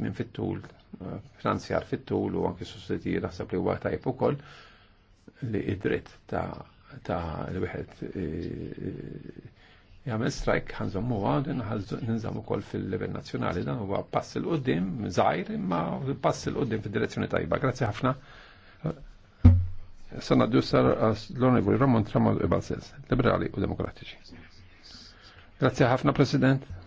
minn fit-tul, eh, finanzjar fit-tul u anki sussidji naħseb li huwa tajb ukoll li id-dritt ta' ta' l-wieħed eh, jagħmel strajk ħanżommu għad ninżamm ukoll fil-livell nazzjonali dan huwa pass il qudiem żgħir imma pass il qudiem fid-direzzjoni tajba. Grazzi ħafna. Sanna dussar l-onorevoli Ramon Tramal Ibalsez, liberali u demokratiċi. Grazie ħafna, President.